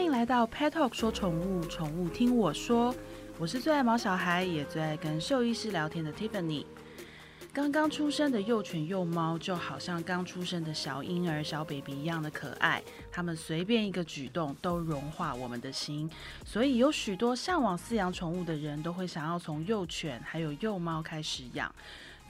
歡迎來到 Pet Talk，說寵物，寵物聽我說。我是最愛毛小孩，也最愛跟獸醫師聊天的 Tiffany。剛剛出生的幼犬、幼貓，就好像剛出生的小嬰兒、小 baby 一樣的可愛。他們隨便一個舉動都融化我們的心。所以有許多向往飼養寵物的人都會想要從幼犬還有幼貓開始養。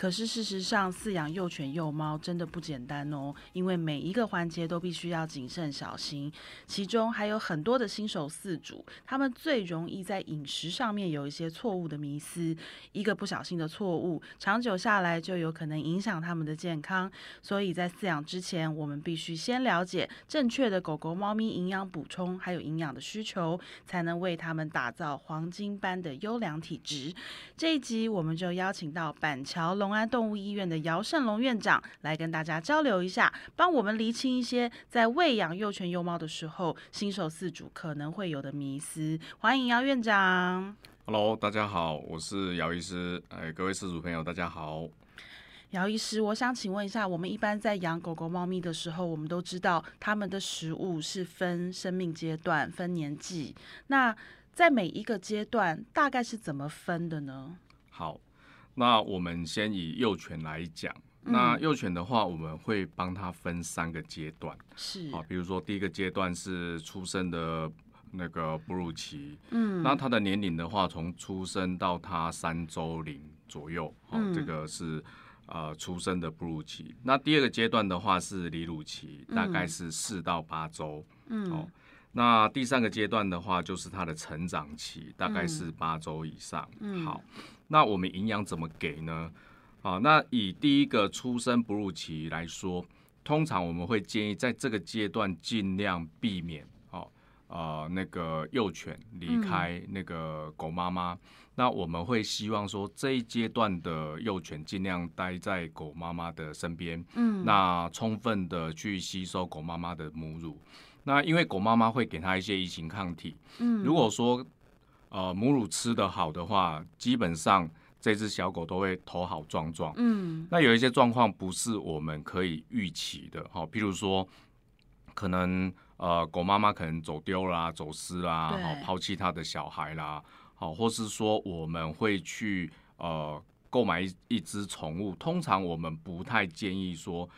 可是事實上，飼養幼犬、幼貓真的不簡單哦，因為每一個環節都必須要謹慎小心。其中還有很多的新手飼主，他們最容易在飲食上面有一些錯誤的迷思，一個不小心的錯誤，長久下來就有可能影響他們的健康。所以在飼養之前，我們必須先了解正確的狗狗、貓咪營養補充還有營養的需求，才能為它們打造黃金般的優良體質。這一集我們就邀請到板橋隆。隆安動物醫院的姚勝隆院長來跟大家交流一下，幫我們釐清一些在餵養幼犬、幼貓的時候，新手飼主可能會有的迷思。歡迎姚院長。Hello，大家好，我是姚醫師。哎，各位飼主朋友，大家好。姚醫師，我想請問一下，我們一般在養狗狗、貓咪的時候，我們都知道他們的食物是分生命階段、分年紀。那在每一個階段，大概是怎麼分的呢？好。那我們先以幼犬來講，嗯，那幼犬的話，我們會幫它分三個階段，是啊，比如說第一個階段是出生的那個哺乳期，嗯，那它的年齡的話，從出生到它三周齡左右，哦嗯，這個是呃出生的哺乳期。那第二個階段的話是離乳期，大概是四到八周，嗯，哦，那第三個階段的話就是它的成長期，大概是八周以上，嗯，好。那我們營養怎麼給呢？啊，那以第一個出生哺乳期來說，通常我們會建議在這個階段盡量避免，哦、啊，呃，那個幼犬離開那個狗媽媽。嗯、那我們會希望說，這一階段的幼犬盡量待在狗媽媽的身邊，嗯，那充分的去吸收狗媽媽的母乳。那因為狗媽媽會給他一些移行抗體，嗯，如果說，呃，母乳吃得好的話，基本上這隻小狗都會頭好壯壯。嗯，那有一些狀況不是我們可以預期的，好，譬如說，可能呃，狗媽媽可能走丟啦、走失啦、啊，好，拋棄他的小孩啦，好，或是說我們會去呃購買一一隻寵物，通常我們不太建議說。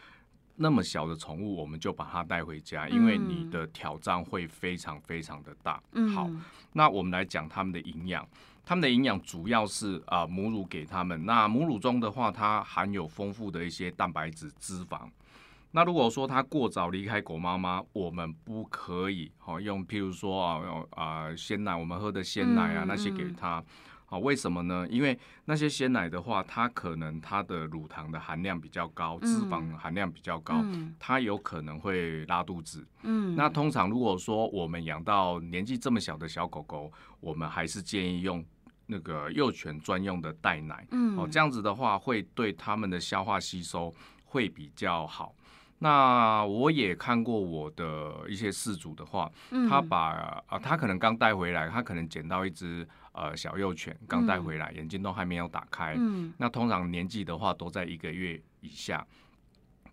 那麼小的寵物，我們就把它帶回家，因為你的挑戰會非常非常的大。好，那我們來講它們的營養，它們的營養主要是啊、呃、母乳給它們。那母乳中的話，它含有豐富的一些蛋白質、脂肪。那如果說它過早離開狗媽媽，我們不可以好用，譬如說啊，啊、呃、鮮奶，我們喝的鮮奶啊那些給它。啊，為什麼呢？因為那些鮮奶的話，它可能它的乳糖的含量比較高，脂肪含量比較高，嗯，它有可能會拉肚子。嗯，那通常如果說我們養到年紀這麼小的小狗狗，我們還是建議用那個幼犬專用的代奶。哦、嗯，這樣子的話會對它們的消化吸收會比較好。那我也看過我的一些飼主的話，他把啊，他可能剛帶回來，他可能撿到一隻。呃，小幼犬剛帶回來，嗯，眼睛都還沒有打開。嗯，那通常年紀的話都在一個月以下。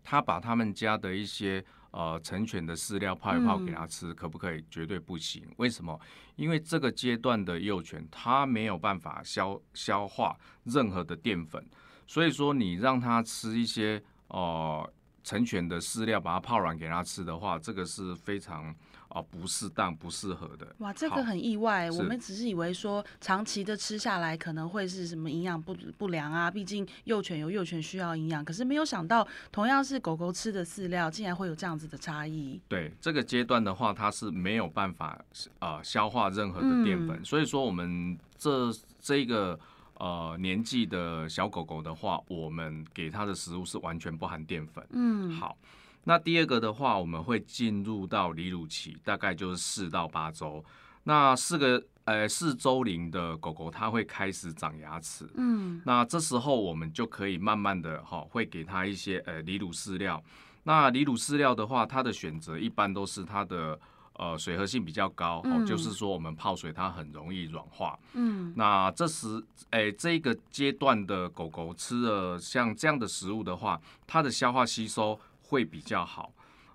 他把他們家的一些呃成犬的飼料泡一泡給他吃，嗯，可不可以？絕對不行。為什麼？因為這個階段的幼犬，它沒有辦法消消化任何的澱粉。所以說，你讓他吃一些呃成犬的飼料，把它泡軟給他吃的話，這個是非常。啊，不適當、不適合的。哇，這個很意外，我們只是以為說，長期的吃下來可能會是什麼營養不不良啊，畢竟幼犬有幼犬需要營養，可是沒有想到同樣是狗狗吃的飼料，竟然會有這樣子的差異。對，這個階段的話，它是沒有辦法呃消化任何的澱粉。嗯，所以說我們這這個呃年紀的小狗狗的話，我們給它的食物是完全不含澱粉。嗯，好。那第二個的話，我們會進入到離乳期，大概就是四到八周。那四個呃四周齡的狗狗，它會開始長牙齒。嗯，那這時候我們就可以慢慢的哈、哦，會給它一些呃離乳飼料。那離乳飼料的話，它的選擇一般都是它的呃水合性比較高、哦嗯，就是說我們泡水它很容易軟化。嗯，那這時誒、呃、這個階段的狗狗吃了像這樣的食物的話，它的消化吸收，會比較好，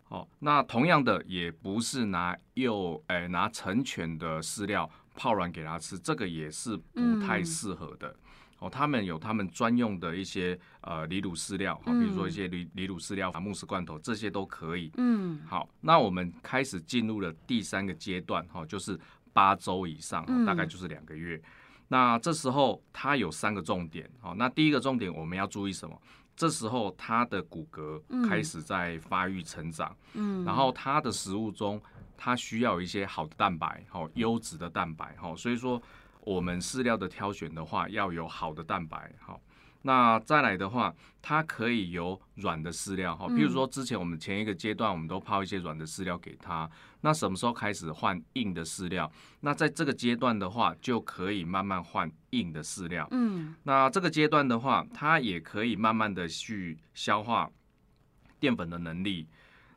哦，那同樣的也不是拿又誒、呃、拿成犬的飼料泡軟給它吃，這個也是不太適合的，嗯，哦，他們有他們專用的一些呃離乳飼料，哈、哦，比如說一些離離乳飼料、啊、慕斯罐頭這些都可以，嗯，好，那我們開始進入了第三個階段，哈、哦，就是八周以上，哦，大概就是兩個月，嗯，那這時候它有三個重點，好、哦，那第一個重點我們要注意什麼？這時候，它的骨骼開始在發育成長，嗯，然後它的食物中，它需要一些好的蛋白，好，優質的蛋白，哈，所以說，我們飼料的挑選的話，要有好的蛋白，哈。那再來的話，它可以有軟的飼料哈，比如說之前我們前一個階段我們都泡一些軟的飼料給它。那什麼時候開始換硬的飼料？那在這個階段的話，就可以慢慢換硬的飼料。嗯，那這個階段的話，它也可以慢慢的去消化澱粉的能力。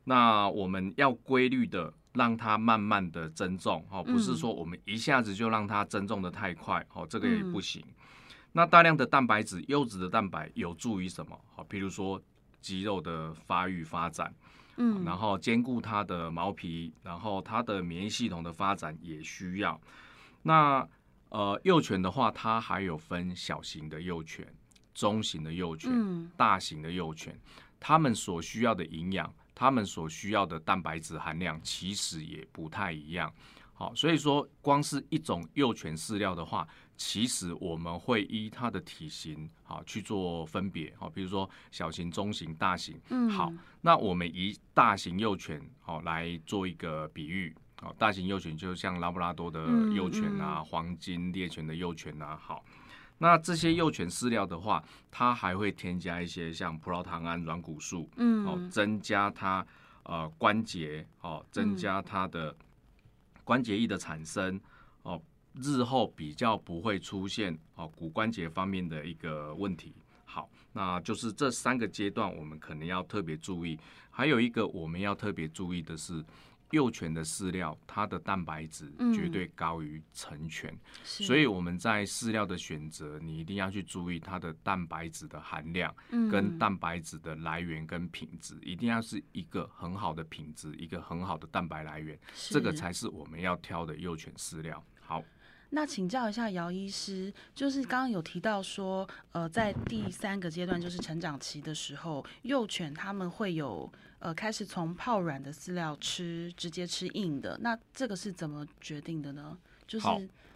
那我們要規律的讓它慢慢的增重哈，不是說我們一下子就讓它增重的太快，哈，這個也不行。嗯那大量的蛋白質，優質的蛋白有助於什麼？好，譬如說肌肉的發育發展，嗯，然後兼顧它的毛皮，然後它的免疫系統的發展也需要。那呃，幼犬的話，它還有分小型的幼犬、中型的幼犬、嗯、大型的幼犬，它們所需要的營養，它們所需要的蛋白質含量其實也不太一樣。好，所以說光是一種幼犬飼料的話，其實我們會依它的體型去做分別哈，比如說小型、中型、大型。嗯、好，那我們以大型幼犬好來做一個比喻，好，大型幼犬就像拉布拉多的幼犬啊，嗯嗯、黃金獵犬的幼犬啊。好，那這些幼犬飼料的話，它還會添加一些像葡萄糖胺、軟骨素、嗯哦，增加它呃關節哦，增加它的關節液的產生、嗯、哦。日後比較不會出現哦、啊、骨關節方面的一個問題。好，那就是這三個階段我們可能要特別注意。還有一個我們要特別注意的是，幼犬的飼料它的蛋白質絕對高於成犬、嗯，所以我們在飼料的選擇，你一定要去注意它的蛋白質的含量、嗯、跟蛋白質的來源跟品質，一定要是一個很好的品質，一個很好的蛋白來源，這個才是我們要挑的幼犬飼料。好。那請教一下姚醫師，就是剛剛有提到說，呃，在第三個階段就是成長期的時候，幼犬它們會有呃開始從泡軟的飼料吃，直接吃硬的。那這個是怎麼決定的呢？就是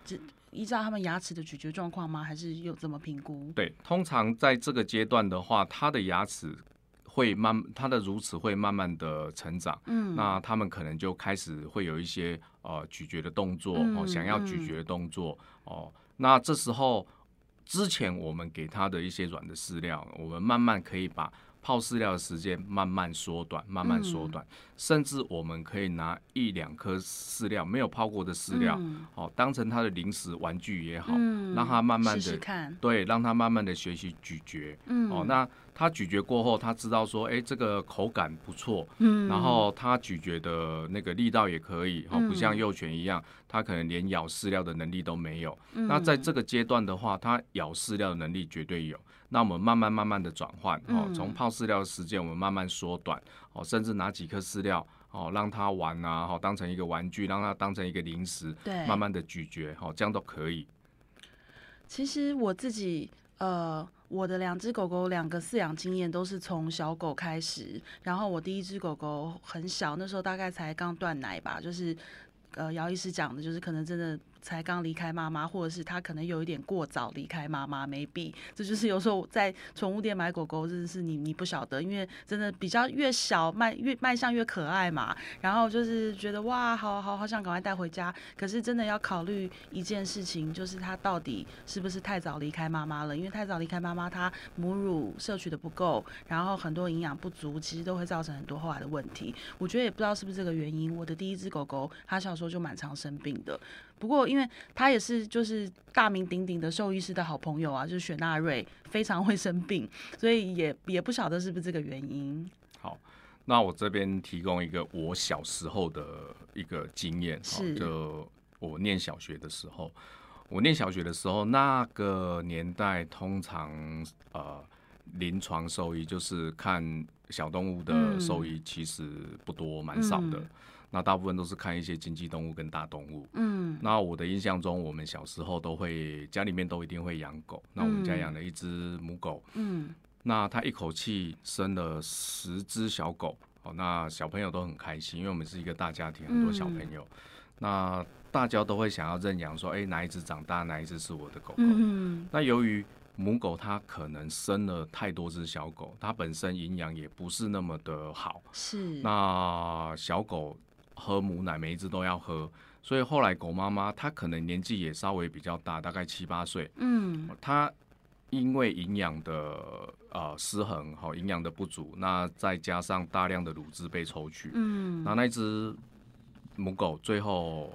只依照他們牙齒的咀嚼狀況嗎？還是又怎麼評估？對，通常在這個階段的話，它的牙齒會慢，它的乳齒會慢慢的成長，嗯，那他們可能就開始會有一些。呃，咀嚼的動作哦，想要咀嚼的動作，嗯嗯、哦，那這時候之前我們給他的一些軟的飼料，我們慢慢可以把泡飼料的時間慢慢縮短，慢慢縮短、嗯，甚至我們可以拿一兩顆飼料，沒有泡過的飼料，哦、嗯喔，當成它的零食、玩具也好，嗯、讓它慢慢的，試試看對，讓它慢慢的學習咀嚼。哦、嗯喔，那它咀嚼過後，它知道說，哎、欸，這個口感不錯，嗯，然後它咀嚼的那個力道也可以，哦、嗯喔，不像幼犬一樣，它可能連咬飼料的能力都沒有。嗯、那在這個階段的話，它咬飼料的能力絕對有。那我們慢慢慢慢的轉換哦，從泡飼料的時間我們慢慢縮短哦、嗯，甚至拿幾顆飼料哦，讓它玩啊，哈，當成一個玩具，讓它當成一個零食，對，慢慢的咀嚼，哈，這樣都可以。其實我自己呃，我的兩隻狗狗兩個飼養經驗都是從小狗開始，然後我第一隻狗狗很小，那時候大概才剛斷奶吧，就是呃姚醫師講的，就是可能真的。才剛離開媽媽，或者是他可能有一點過早離開媽媽，沒必。這就是有時候在寵物店買狗狗，真的是你你不曉得，因為真的比較越小賣越賣相越可愛嘛。然後就是覺得哇，好好好，好想趕快帶回家，可是真的要考慮一件事情，就是他到底是不是太早離開媽媽了？因為太早離開媽媽，它母乳攝取的不夠，然後很多營養不足，其實都會造成很多後來的問題。我覺得也不知道是不是這個原因，我的第一隻狗狗它小時候就蠻常生病的。不過，因為他也是就是大名鼎鼎的獸醫師的好朋友啊，就是雪納瑞非常會生病，所以也也不曉得是不是這個原因。好，那我這邊提供一個我小時候的一個經驗，是，就我念小學的時候，我念小學的時候，那個年代通常呃，臨床獸醫就是看小動物的獸醫，其實不多，蠻、嗯、少的。嗯那大部分都是看一些經濟動物跟大動物。嗯。那我的印象中，我們小時候都會家裡面都一定會養狗。嗯。那我們家養了一隻母狗。嗯。那它一口氣生了十隻小狗。哦。那小朋友都很開心，因為我們是一個大家庭，很多小朋友。嗯。那大家都會想要認養，說：“哎、欸，哪一隻長大，哪一隻是我的狗狗。”嗯。那由於母狗它可能生了太多隻小狗，它本身營養也不是那麼的好。是。那小狗。喝母奶，每一隻都要喝，所以後來狗媽媽她可能年紀也稍微比較大，大概七八歲。嗯、呃，她因為營養的、呃、失衡和營養的不足，那再加上大量的乳汁被抽取，嗯，那那隻母狗最後。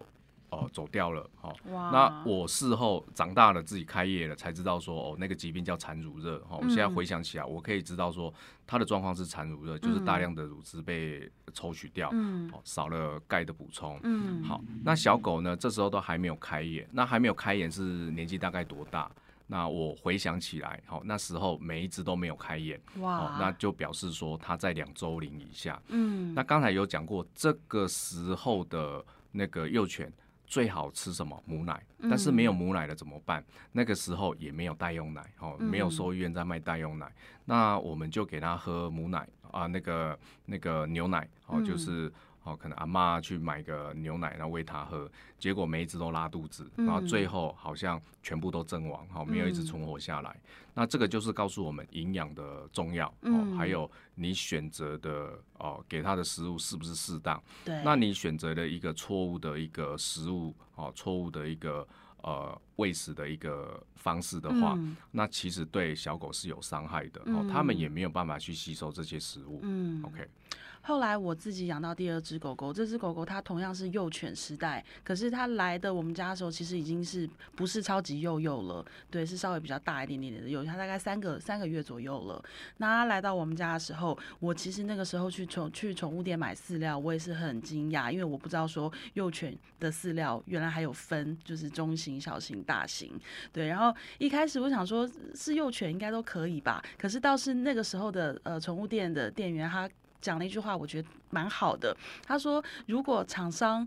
哦，走掉了。好，那我事後長大了，自己開業了，才知道說哦，那個疾病叫產乳熱。哈、嗯，我們現在回想起來，我可以知道說它的狀況是產乳熱，就是大量的乳汁被抽取掉，嗯，少了鈣的補充。嗯，好，那小狗呢？這時候都還沒有開眼，那還沒有開眼是年紀大概多大？那我回想起來，好，那時候每一只都沒有開眼。哇，那就表示說它在兩周齡以下。嗯，那剛才有講過，這個時候的那個幼犬。最好吃什麼？母奶，但是沒有母奶了怎麼辦？嗯、那個時候也沒有代用奶，哦，沒有獸醫院在賣代用奶、嗯，那我們就給他喝母奶啊，那個那個牛奶，哦，嗯、就是。哦，可能阿媽去買個牛奶，然後餵他喝，結果每一只都拉肚子、嗯，然後最後好像全部都陣亡，好、哦，沒有一隻存活下來、嗯。那這個就是告訴我們營養的重要，哦，嗯、還有你選擇的哦，給他的食物是不是適當？對，那你選擇了一個錯誤的一個食物，哦，錯誤的一個呃。餵食的一個方式的話，嗯、那其實對小狗是有傷害的哦、嗯。他們也沒有辦法去吸收這些食物。嗯，OK。後來我自己養到第二隻狗狗，這隻狗狗它同樣是幼犬時代，可是它來的我們家的時候，其實已經是不是超級幼幼了。對，是稍微比較大一點點的幼，它大概三個三個月左右了。那它來到我們家的時候，我其實那個時候去寵去寵物店買飼料，我也是很驚訝，因為我不知道說幼犬的飼料原來還有分，就是中型、小型的。大型對，然後一開始我想說是幼犬應該都可以吧，可是倒是那個時候的呃寵物店的店員他講了一句話，我覺得蠻好的，他說，如果廠商。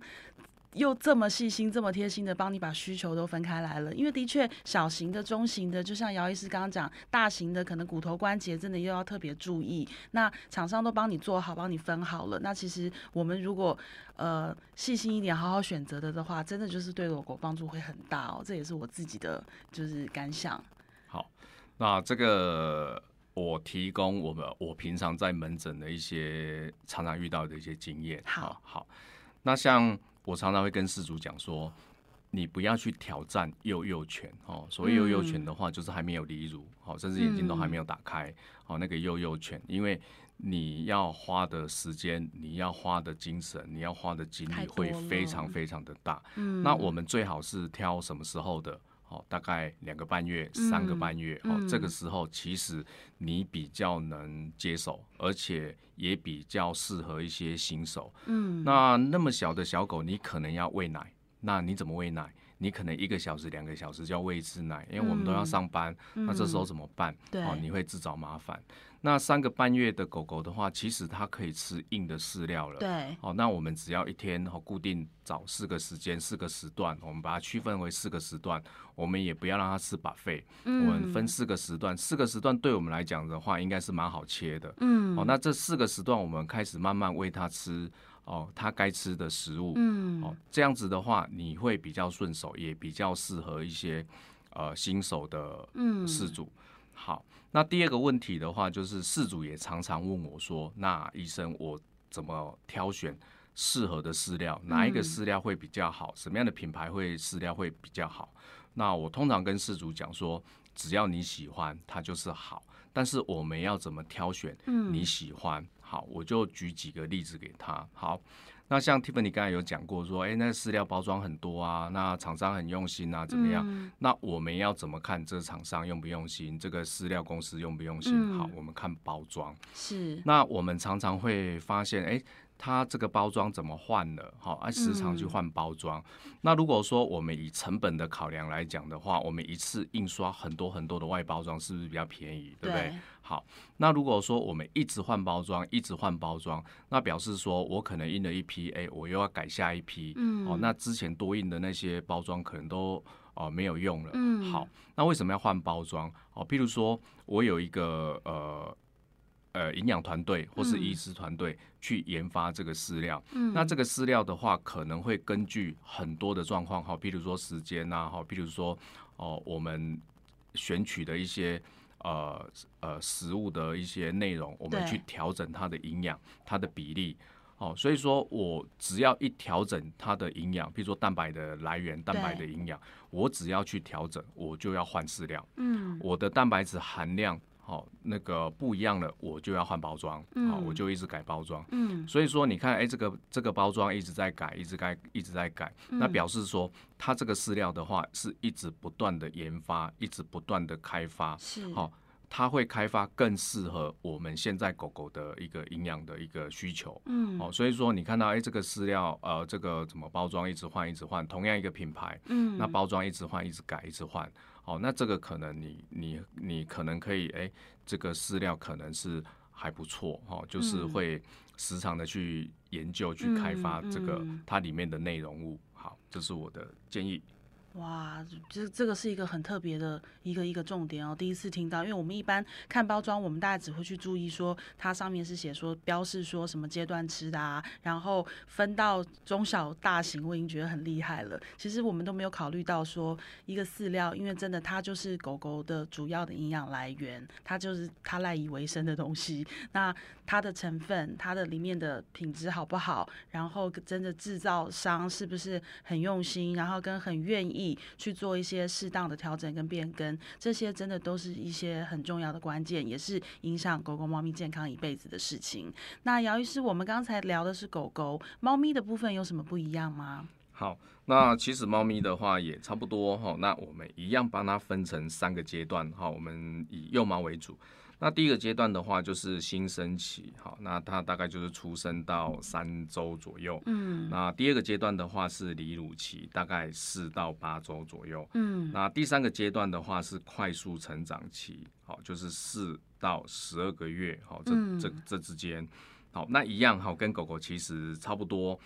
又這麼細心、這麼貼心的幫你把需求都分開來了，因為的確小型的、中型的，就像姚醫師剛剛講，大型的可能骨頭關節真的又要特別注意。那廠商都幫你做好、幫你分好了，那其實我們如果呃細心一點、好好選擇的的話，真的就是對我國幫助會很大哦、喔。這也是我自己的就是感想。好，那這個我提供我們我平常在門診的一些常常遇到的一些經驗。好好，那像。我常常會跟飼主講說，你不要去挑戰幼幼犬哦。所謂幼幼犬的話，嗯、就是還沒有離乳，好，甚至眼睛都還沒有打開好、嗯哦，那個幼幼犬，因為你要花的時間、你要花的精神、你要花的精力會非常非常的大。嗯、那我們最好是挑什麼時候的？好、哦，大概兩個半月、三個半月、嗯哦、這個時候其實你比較能接受，而且。也比較適合一些新手。嗯，那那麼小的小狗，你可能要餵奶，那你怎麼餵奶？你可能一個小時、兩個小時就要餵一次奶，因為我們都要上班，嗯、那這時候怎麼辦？嗯、對、哦，你會自找麻煩。那三個半月的狗狗的話，其實它可以吃硬的飼料了。對，哦，那我們只要一天、哦、固定找四個時間、四個時段，我們把它區分為四個時段，我們也不要讓它吃 buffet、嗯。我們分四個時段，四個時段對我們來講的話，應該是蠻好切的。嗯，好、哦，那這四個時段我們開始慢慢餵它吃。哦，他該吃的食物，嗯，哦，這樣子的話，你會比較順手，也比較適合一些呃新手的飼主。嗯。好，那第二個問題的話，就是飼主也常常問我說，那醫生，我怎麼挑選適合的飼料？嗯。哪一個飼料會比較好？什麼樣的品牌會飼料會比較好？那我通常跟飼主講說，只要你喜歡，它就是好。但是我們要怎麼挑選？嗯，你喜歡。嗯嗯好，我就舉幾個例子給他。好，那像 Tiffany 你剛才有講過，說，誒、欸，那飼料包裝很多啊，那廠商很用心啊，怎麼樣？嗯、那我們要怎麼看這廠商用不用心，這個飼料公司用不用心？嗯、好，我們看包裝。是。那我們常常會發現，誒、欸。它這個包裝怎麼換的？好，按時常去換包裝，嗯。那如果說我們以成本的考量來講的話，我們一次印刷很多很多的外包裝，是不是比較便宜對？對不對？好，那如果說我們一直換包裝，一直換包裝，那表示說我可能印了一批，誒、欸，我又要改下一批。嗯。哦，那之前多印的那些包裝可能都哦、呃、沒有用了。嗯。好，那為什麼要換包裝？哦，譬如說我有一個呃。呃，營養團隊或是醫師團隊、嗯、去研發這個飼料、嗯。那這個飼料的話，可能會根據很多的狀況哈，譬如說時間吶，哈，譬如說哦、呃，我們選取的一些呃呃食物的一些內容，我們去調整它的營養、它的比例。哦、呃，所以說我只要一調整它的營養，譬如說蛋白的來源、蛋白的營養，我只要去調整，我就要換飼料。嗯。我的蛋白質含量。哦，那個不一樣的我就要換包裝好、嗯哦，我就一直改包裝。嗯，所以說你看，哎、欸，這個這個包裝一直在改，一直改，一直在改，嗯、那表示說它這個飼料的話是一直不斷的研發，一直不斷的開發。是，好、哦，它會開發更適合我們現在狗狗的一個營養的一個需求。嗯，好、哦，所以說你看到哎、欸，這個飼料呃，這個怎麼包裝一直換，一直換，同樣一個品牌，嗯，那包裝一直換，一直改，一直換。哦，那這個可能你你你可能可以哎、欸，這個飼料可能是還不錯哈、哦，就是會時常的去研究、嗯、去開發這個、嗯嗯、它裡面的內容物。好，這是我的建議。哇，這這個是一個很特別的一個一個重點哦，第一次聽到，因為我們一般看包裝，我們大家只會去注意說它上面是寫說標示說什麼階段吃的啊，然後分到中小大型，我已經覺得很厲害了。其實我們都沒有考慮到說一個飼料，因為真的它就是狗狗的主要的營養來源，它就是它賴以為生的東西。那它的成分，它的裡面的品質好不好？然後真的製造商是不是很用心？然後跟很願意。去做一些適當的調整跟變更，這些真的都是一些很重要的關鍵，也是影響狗狗、貓咪健康一輩子的事情。那姚醫師，我們剛才聊的是狗狗、貓咪的部分，有什麼不一樣嗎？好，那其實貓咪的話也差不多哈，嗯，那我們一樣幫它分成三個階段哈，我們以幼貓為主。那第一個階段的話就是新生期，好，那它大概就是出生到三週左右。嗯，那第二個階段的話是離乳期，大概四到八週左右。嗯，那第三個階段的話是快速成長期，好，就是四到十二個月，好、嗯，這這這之間，好，那一樣哈，跟狗狗其實差不多。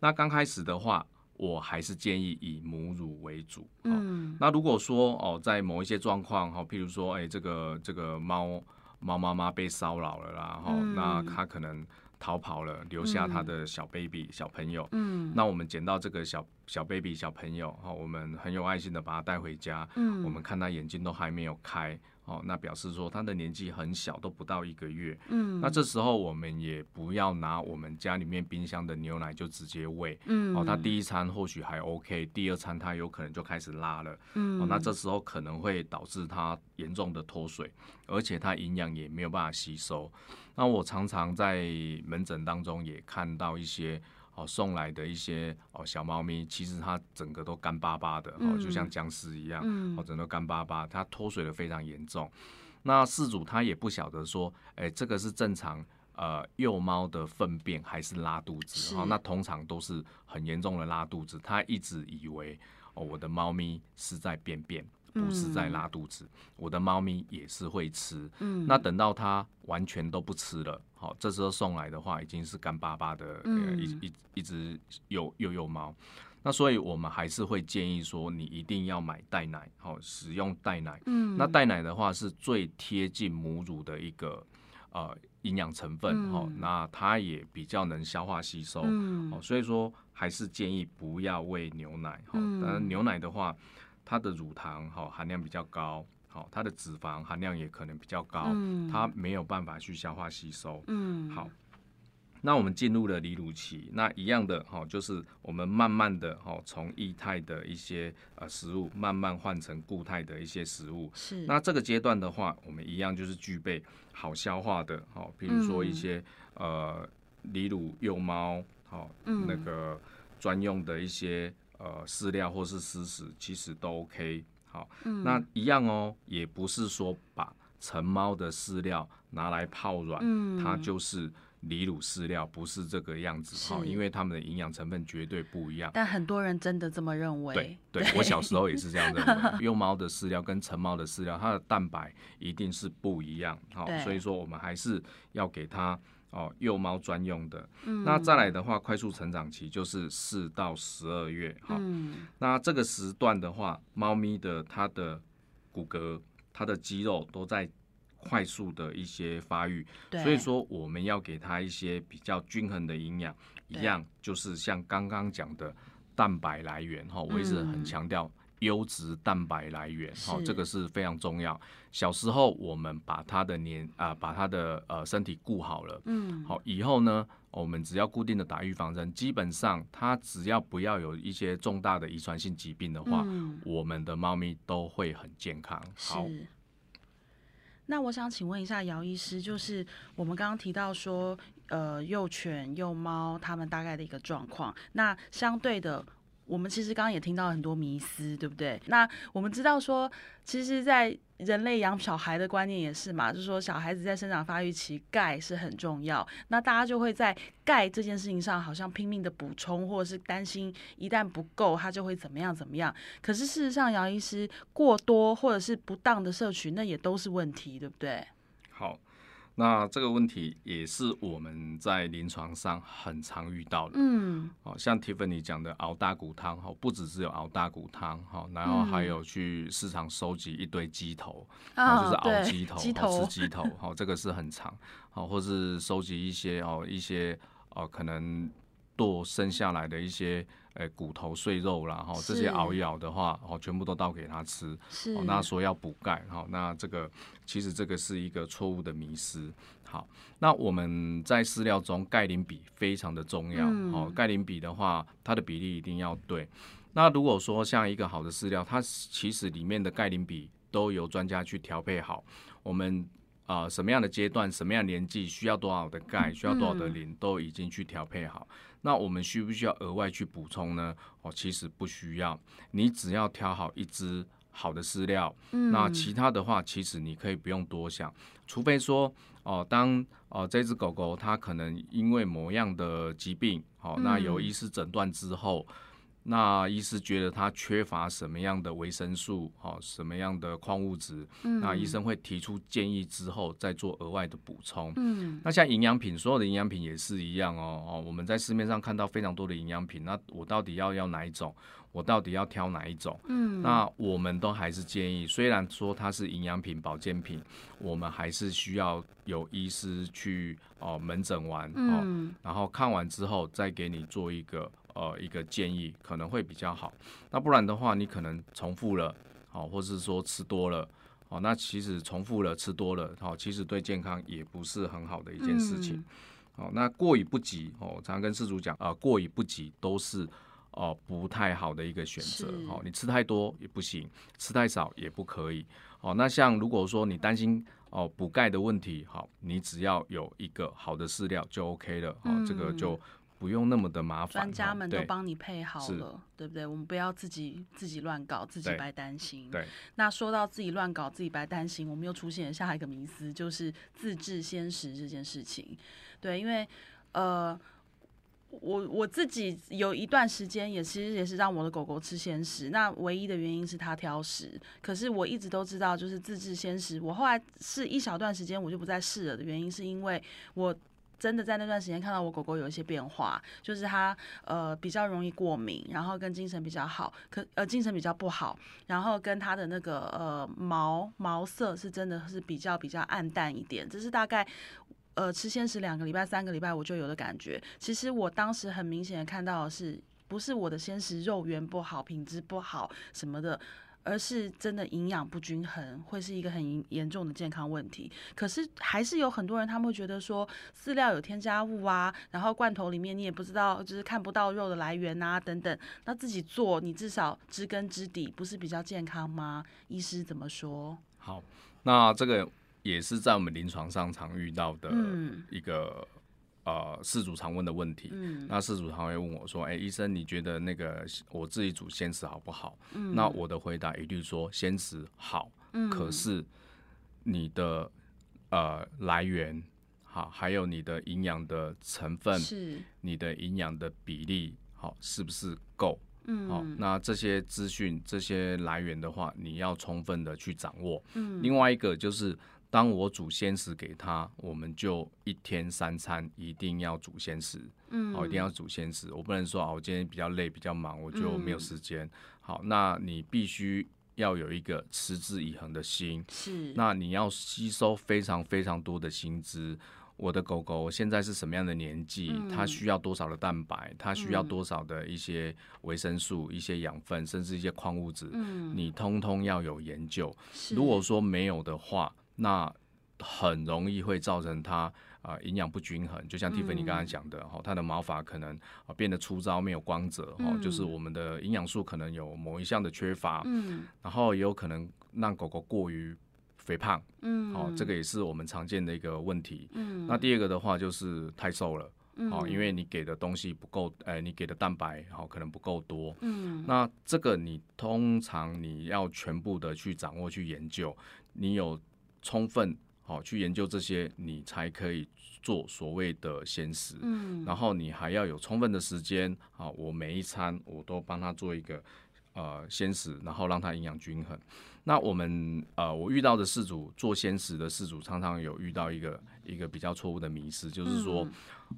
那剛開始的話，我還是建議以母乳為主。嗯，那如果說哦，在某一些狀況，好，譬如說，誒、欸，這個這個貓。貓媽媽被騷擾了啦，然後、嗯、那它可能逃跑了，留下它的小 baby、嗯、小朋友。嗯，那我們撿到這個小小 baby 小朋友，我們很有愛心的把他帶回家、嗯。我們看他眼睛都還沒有開，哦，那表示說他的年紀很小，都不到一個月、嗯。那這時候我們也不要拿我們家裡面冰箱的牛奶就直接餵。哦、嗯，他第一餐或許還 OK，第二餐他有可能就開始拉了。嗯、那這時候可能會導致他嚴重的脫水，而且他營養也沒有辦法吸收。那我常常在門診當中也看到一些。哦，送來的一些哦小貓咪，其實它整個都乾巴巴的、嗯、哦，就像僵屍一樣，哦、嗯，整個乾巴巴，它脫水得非常嚴重。那飼主他也不曉得說，哎、欸，這個是正常呃幼貓的糞便還是拉肚子？哦，那通常都是很嚴重的拉肚子。他一直以為哦我的貓咪是在便便，不是在拉肚子。嗯、我的貓咪也是會吃，嗯、那等到它完全都不吃了。好，這時候送來的話已經是乾巴巴的，一一一只幼幼幼貓、嗯。那所以我們還是會建議說，你一定要買代奶，好使用代奶。嗯、那代奶的話是最貼近母乳的一個呃營養成分、嗯，那它也比較能消化吸收。好、嗯，所以說還是建議不要餵牛奶，哈。牛奶的話，它的乳糖含量比較高。好，它的脂肪含量也可能比較高，嗯，它沒有辦法去消化吸收。嗯，好，那我們進入了離乳期，那一樣的哈，就是我們慢慢的哈，從液態的一些呃食物慢慢換成固態的一些食物。是，那這個階段的話，我們一樣就是具備好消化的，哈，比如說一些，嗯，呃離乳幼貓，好，那個專用的一些呃飼料或是濕食，其實都 OK。嗯、那一樣哦，也不是說把成貓的飼料拿來泡軟，嗯，它就是離乳飼料，不是這個樣子哈，因為它們的營養成分絕對不一樣。但很多人真的這麼認為。對，對，對我小時候也是這樣認為 的，幼貓的飼料跟成貓的飼料，它的蛋白一定是不一樣。好，所以說我們還是要給它。哦，幼貓專用的、嗯。那再來的話，快速成長期就是四到十二月哈、哦嗯。那這個時段的話，貓咪的它的骨骼、它的肌肉都在快速的一些發育，所以說我們要給它一些比較均衡的營養，一樣就是像剛剛講的蛋白來源哈、哦，我一直很強調。嗯優質蛋白來源，好、哦，這個是非常重要。小時候我們把它的年啊、呃，把它的呃身體顧好了，嗯，好以後呢，我們只要固定的打預防針，基本上它只要不要有一些重大的遺傳性疾病的話，嗯、我們的貓咪都會很健康。是，好。那我想請問一下姚醫師，就是我們剛剛提到說，呃，幼犬、幼貓它們大概的一個狀況，那相對的。我們其實剛剛也聽到很多迷思，對不對？那我們知道說，其實，在人類養小孩的觀念也是嘛，就是說小孩子在生長發育期鈣是很重要，那大家就會在鈣這件事情上好像拼命的補充，或者是擔心一旦不夠，他就會怎麼樣怎麼樣。可是事實上，姚醫師過多或者是不當的攝取，那也都是問題，對不對？好。那這個問題也是我們在臨床上很常遇到的。嗯，哦，像 Tiffany 講的熬大骨湯，哈，不只是有熬大骨湯，哈，然後還有去市場收集一堆雞頭，嗯、啊，就是熬雞頭，雞頭吃雞頭，哈，這個是很常，哦，或是收集一些哦，一些哦，可能剁剩下來的一些。誒，骨頭碎肉啦，吼，這些熬一熬的話，哦，全部都倒給他吃。是，那說要補鈣，好，那這個其實這個是一個錯誤的迷思。好，那我們在飼料中，鈣磷比非常的重要。哦、嗯，鈣磷比的話，它的比例一定要對。那如果說像一個好的飼料，它其實裡面的鈣磷比都由專家去調配好。我們。啊、呃，什麼樣的階段，什麼樣的年紀需要多少的鈣，需要多少的磷、嗯，都已經去調配好。那我們需不需要額外去補充呢？哦，其實不需要，你只要挑好一隻好的飼料、嗯，那其他的話，其實你可以不用多想，除非說哦、呃，當哦、呃、這隻狗狗它可能因為某樣的疾病，好、哦，那有醫師診斷之後。嗯嗯那醫師覺得他缺乏什麼樣的維生素？哈，什麼樣的礦物質、嗯？那醫生會提出建議之後，再做額外的補充、嗯。那像營養品，所有的營養品也是一樣哦。哦，我們在市面上看到非常多的營養品，那我到底要要哪一種？我到底要挑哪一種、嗯？那我們都還是建議，雖然說它是營養品、保健品，我們還是需要有醫師去哦門診完、嗯，哦，然後看完之後再給你做一個。呃，一個建議可能會比較好。那不然的話，你可能重複了，好、哦，或是說吃多了，好、哦，那其實重複了、吃多了，好、哦，其實對健康也不是很好的一件事情。嗯、哦。那過猶不及，哦，常跟飼主講啊、呃，過猶不及都是哦、呃、不太好的一個選擇。哦，你吃太多也不行，吃太少也不可以。哦，那像如果說你擔心哦補、呃、鈣的問題，好、哦，你只要有一個好的飼料就 OK 了。好、哦嗯，這個就。不用那麼的麻煩，專家們都幫你配好了對對，對不對？我們不要自己自己亂搞，自己白擔心對。對，那說到自己亂搞，自己白擔心，我們又出現下一個迷思，就是自制鮮食這件事情。對，因為呃，我我自己有一段時間也其實也是讓我的狗狗吃鮮食，那唯一的原因是它挑食。可是我一直都知道，就是自制鮮食，我後來是一小段時間我就不再試了的原因，是因為我。真的在那段時間看到我狗狗有一些變化，就是它呃比較容易過敏，然後跟精神比較好，可呃精神比較不好，然後跟它的那個呃毛毛色，是真的是比較比較暗淡一點，這是大概呃吃鮮食兩個禮拜、三個禮拜我就有的感覺。其實我當時很明顯的看到的是，不是我的鮮食肉源不好、品質不好什麼的。而是真的營養不均衡，會是一個很嚴重的健康問題。可是還是有很多人，他們會覺得說飼料有添加物啊，然後罐頭裡面你也不知道，就是看不到肉的來源啊，等等。那自己做，你至少知根知底，不是比較健康嗎？醫師怎麼說？好，那這個也是在我們臨床上常遇到的一個。嗯。呃，飼主常問的問題，嗯、那飼主常會問我說：“哎、欸，醫生，你覺得那個我自己煮鮮食好不好、嗯？”那我的回答一律說：“鮮食好、嗯，可是你的呃來源好，還有你的營養的成分是，你的營養的比例好是不是夠？嗯，好，那這些資訊、這些來源的話，你要充分的去掌握。嗯，另外一個就是。當我煮鮮食給他，我們就一天三餐一定要煮鮮食。嗯，好、哦，一定要煮鮮食。我不能說啊、哦，我今天比較累，比較忙，我就沒有時間、嗯。好，那你必須要有一個持之以恆的心。是，那你要吸收非常非常多的新知。我的狗狗現在是什麼樣的年紀？它、嗯、需要多少的蛋白？它需要多少的一些維生素、一些養分，甚至一些礦物質？嗯，你通通要有研究。是，如果說沒有的話。那很容易會造成它啊營養不均衡，就像蒂芬尼剛剛講的哈，它、嗯、的毛髮可能變得粗糙、沒有光澤、嗯、哦，就是我們的營養素可能有某一項的缺乏、嗯，然後也有可能讓狗狗過於肥胖，嗯，哦，這個也是我們常見的一個問題，嗯，那第二個的話就是太瘦了，嗯、哦，因為你給的東西不夠，哎、呃，你給的蛋白好、哦、可能不夠多，嗯，那這個你通常你要全部的去掌握、去研究，你有。充分好、哦、去研究這些，你才可以做所謂的鮮食、嗯。然後你還要有充分的時間啊、哦！我每一餐我都幫他做一個呃鮮食，然後讓他營養均衡。那我們呃，我遇到的飼主做鮮食的飼主，常常有遇到一個一個比較錯誤的迷思，嗯、就是說，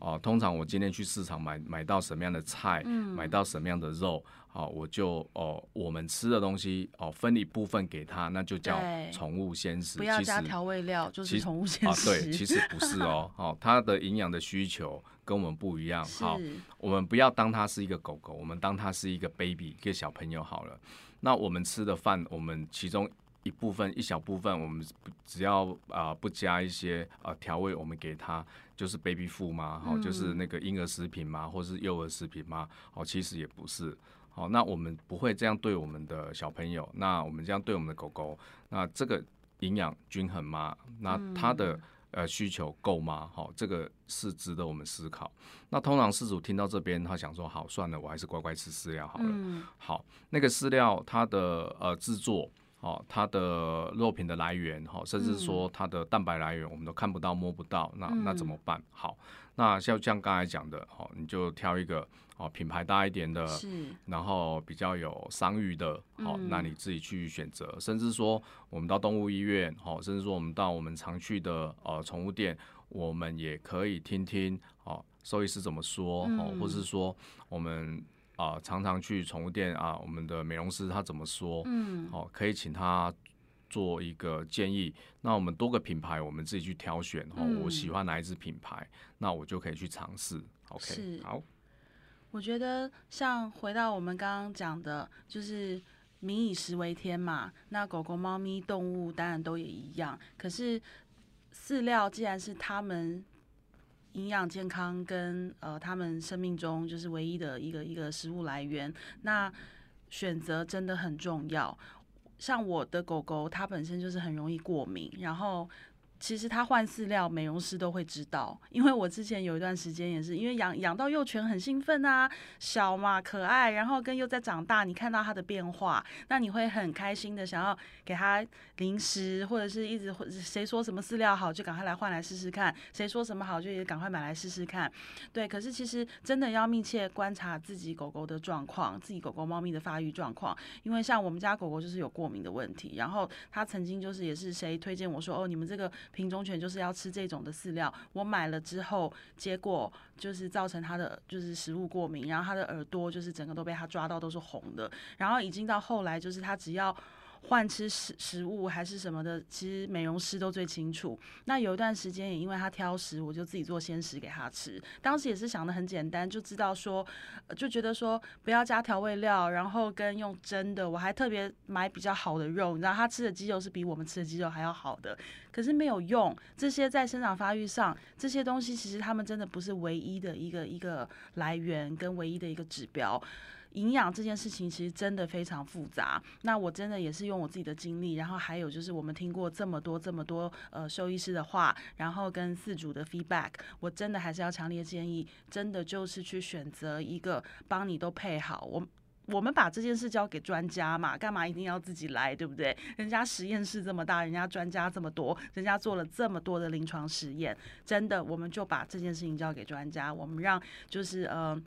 啊、呃，通常我今天去市場買買到什麼樣的菜、嗯，買到什麼樣的肉。好，我就哦，我們吃的東西哦，分一部分給他，那就叫寵物鮮食，其實不要加調味料，就是寵物鮮食啊，對，其實不是哦。 哦他，它的營養的需求跟我們不一樣。好，我們不要當它是一個狗狗，我們當它是一個 baby，一個小朋友好了。那我們吃的飯，我們其中一部分，一小部分，我們只要啊、呃、不加一些啊調、呃、味，我們給它就是 baby food 嘛、嗯、就是那個嬰兒食品嘛或是幼兒食品嘛好、哦，其實也不是。好，那我們不會這樣對我們的小朋友，那我們這樣對我們的狗狗，那這個營養均衡嗎？那它的呃需求夠嗎？好，這個是值得我們思考。那通常飼主聽到這邊，他想說，好，算了，我還是乖乖吃飼料好了。嗯。好，那個飼料它的呃製作，好，它的肉品的來源，好，甚至說它的蛋白來源，我們都看不到摸不到。那那怎麼辦？好，那像像剛才講的，好，你就挑一個。哦，品牌大一點的，然後比較有商譽的，好、嗯，那你自己去選擇。甚至說，我們到動物醫院，好，甚至說我們到我們常去的呃寵物店，我們也可以聽聽哦，獸、呃、醫師怎麼說，哦、嗯，或是說我們啊、呃、常常去寵物店啊、呃，我們的美容師他怎麼說，嗯，好、呃，可以請他做一個建議。那我們多個品牌，我們自己去挑選哦、呃嗯，我喜歡哪一支品牌，那我就可以去嘗試。OK，好。我覺得像回到我們剛剛講的，就是“民以食為天”嘛。那狗狗、貓咪、動物當然都也一樣。可是飼料既然是它們營養健康跟呃它們生命中就是唯一的一個一個食物來源，那選擇真的很重要。像我的狗狗，它本身就是很容易過敏，然後。其實他換飼料，美容師都會知道，因為我之前有一段時間也是，因為養養到幼犬很興奮啊，小嘛可愛，然後跟又在長大，你看到它的變化，那你會很開心的想要給它零食或者是一直會誰說什麼飼料好就趕快來換來試試看，誰說什麼好就也趕快買來試試看，對，可是其實真的要密切觀察自己狗狗的狀況，自己狗狗貓咪的發育狀況，因為像我們家狗狗就是有過敏的問題，然後他曾經就是也是誰推薦我說哦你們這個。品種犬就是要吃這種的飼料，我買了之後，結果就是造成它的就是食物過敏，然後它的耳朵就是整個都被它抓到都是紅的，然後已經到後來就是它只要。換吃食食物還是什麼的，其實美容師都最清楚。那有一段時間也因為他挑食，我就自己做鮮食給他吃。當時也是想的很簡單，就知道說，就覺得說不要加調味料，然後跟用蒸的。我還特別買比較好的肉，你知道他吃的雞肉是比我們吃的雞肉還要好的，可是沒有用。這些在生長發育上，這些東西其實他們真的不是唯一的一個一個來源跟唯一的一個指標。營養這件事情其實真的非常複雜，那我真的也是用我自己的經歷，然後還有就是我們聽過這麼多這麼多呃獸醫師的話，然後跟飼主的 feedback，我真的還是要強烈建議，真的就是去選擇一個幫你都配好，我我們把這件事交給專家嘛，幹嘛一定要自己來，對不對？人家實驗室這麼大，人家專家這麼多，人家做了這麼多的臨床實驗，真的我們就把這件事情交給專家，我們讓就是呃。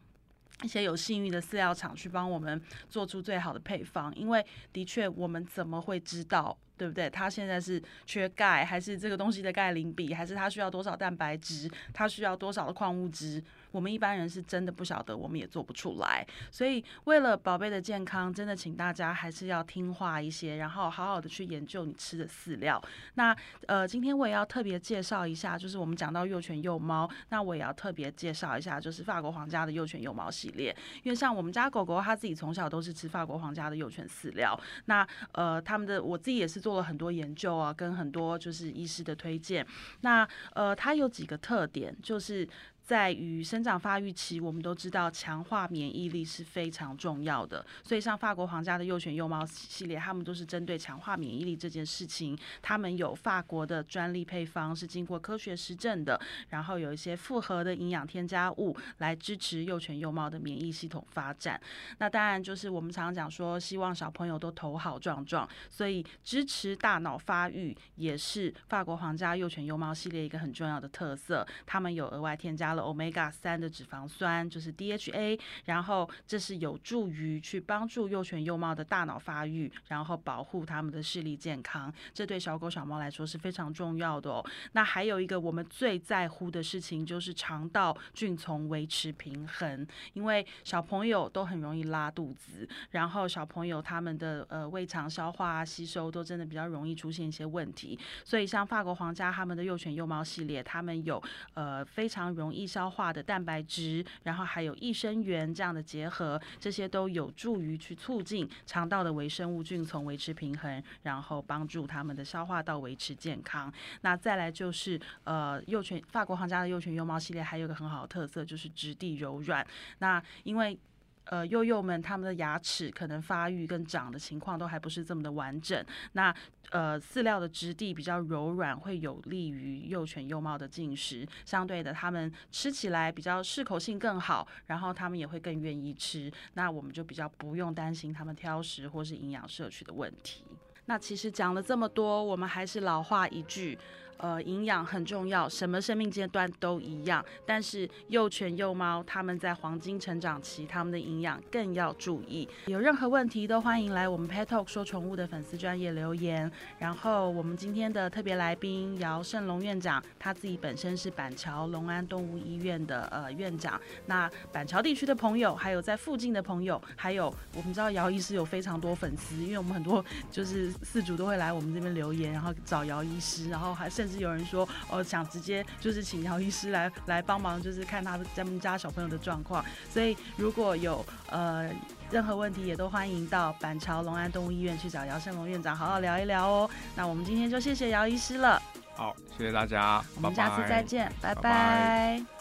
一些有信譽的飼料廠去幫我們做出最好的配方，因為的確我們怎麼會知道，對不對？它現在是缺鈣，還是這個東西的鈣磷比，還是它需要多少蛋白質，它需要多少的礦物質？我們一般人是真的不曉得，我們也做不出來，所以為了寶貝的健康，真的請大家還是要聽話一些，然後好好的去研究你吃的飼料。那呃，今天我也要特別介紹一下，就是我們講到幼犬幼貓，那我也要特別介紹一下，就是法國皇家的幼犬幼貓系列，因為像我們家狗狗，它自己從小都是吃法國皇家的幼犬飼料。那呃，他們的我自己也是做了很多研究啊，跟很多就是醫師的推薦。那呃，它有幾個特點，就是。在與生長發育期，我們都知道強化免疫力是非常重要的。所以，像法國皇家的幼犬幼貓系列，他們都是針對強化免疫力這件事情，他們有法國的專利配方，是經過科學實證的。然後有一些複合的營養添加物來支持幼犬幼貓的免疫系統發展。那當然就是我們常常講說，希望小朋友都頭好壯壯，所以支持大腦發育也是法國皇家幼犬幼貓系列一個很重要的特色。他們有額外添加。了 Omega 三的脂肪酸就是 DHA，然後這是有助於去幫助幼犬幼貓的大腦發育，然後保護它們的視力健康，這對小狗小貓來說是非常重要的哦。那還有一個我們最在乎的事情就是腸道菌叢維持平衡，因為小朋友都很容易拉肚子，然後小朋友他們的呃胃腸消化、啊、吸收都真的比較容易出現一些問題，所以像法國皇家他們的幼犬幼貓系列，他們有呃非常容易。易消化的蛋白質，然後還有益生元這樣的結合，這些都有助於去促進腸道的微生物菌叢維持平衡，然後幫助他們的消化道維持健康。那再來就是呃幼犬法國皇家的幼犬幼貓系列，還有一個很好的特色就是質地柔軟。那因為呃，幼幼們他們的牙齒可能發育跟長的情況都還不是這麼的完整。那呃，飼料的質地比較柔軟，會有利於幼犬幼貓的進食。相對的，他們吃起來比較適口性更好，然後他們也會更願意吃。那我們就比較不用擔心他們挑食或是營養攝取的問題。那其實講了這麼多，我們還是老話一句。呃，營養很重要，什麼生命階段都一樣。但是幼犬、幼貓，它們在黃金成長期，它們的營養更要注意。有任何問題都歡迎來我們 Pet Talk 說寵物的粉絲專頁留言。然後我們今天的特別來賓姚勝隆院長，他自己本身是板橋隆安動物醫院的呃院長。那板橋地區的朋友，還有在附近的朋友，還有我們知道姚醫師有非常多粉絲，因為我們很多就是飼主都會來我們這邊留言，然後找姚醫師，然後還甚至。就是有人說哦，想直接就是請姚醫師來來幫忙，就是看他咱們家小朋友的狀況。所以如果有呃任何問題，也都歡迎到板橋隆安動物醫院去找姚勝隆院長好好聊一聊哦。那我們今天就謝謝姚醫師了。好，謝謝大家。我們下次再見，拜拜。拜拜。